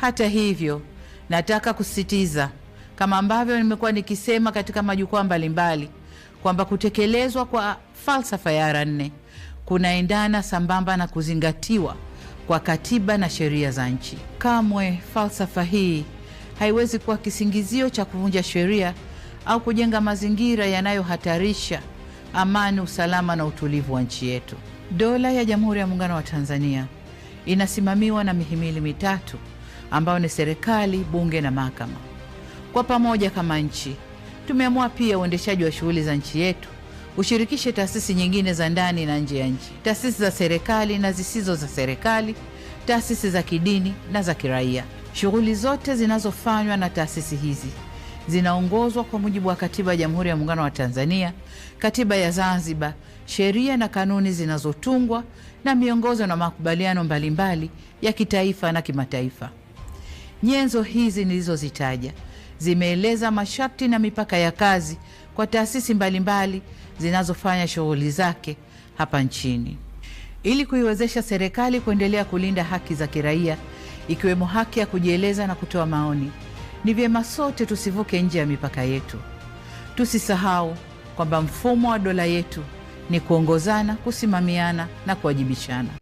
Hata hivyo, nataka kusisitiza kama ambavyo nimekuwa nikisema katika majukwaa mbalimbali kwamba kutekelezwa kwa falsafa ya R nne kunaendana sambamba na kuzingatiwa kwa katiba na sheria za nchi. Kamwe falsafa hii haiwezi kuwa kisingizio cha kuvunja sheria au kujenga mazingira yanayohatarisha amani, usalama na utulivu wa nchi yetu. Dola ya Jamhuri ya Muungano wa Tanzania inasimamiwa na mihimili mitatu ambayo ni serikali, bunge na mahakama. Kwa pamoja kama nchi tumeamua pia uendeshaji wa shughuli za nchi yetu ushirikishe taasisi nyingine za ndani na nje ya nchi, taasisi za serikali na zisizo za serikali, taasisi za kidini na za kiraia. Shughuli zote zinazofanywa na taasisi hizi zinaongozwa kwa mujibu wa Katiba ya Jamhuri ya Muungano wa Tanzania, Katiba ya Zanzibar, sheria na kanuni zinazotungwa na miongozo na makubaliano mbalimbali ya kitaifa na kimataifa. Nyenzo hizi nilizozitaja zimeeleza masharti na mipaka ya kazi kwa taasisi mbalimbali zinazofanya shughuli zake hapa nchini ili kuiwezesha serikali kuendelea kulinda haki za kiraia ikiwemo haki ya kujieleza na kutoa maoni. Ni vyema sote tusivuke nje ya mipaka yetu. Tusisahau kwamba mfumo wa dola yetu ni kuongozana, kusimamiana na kuwajibishana.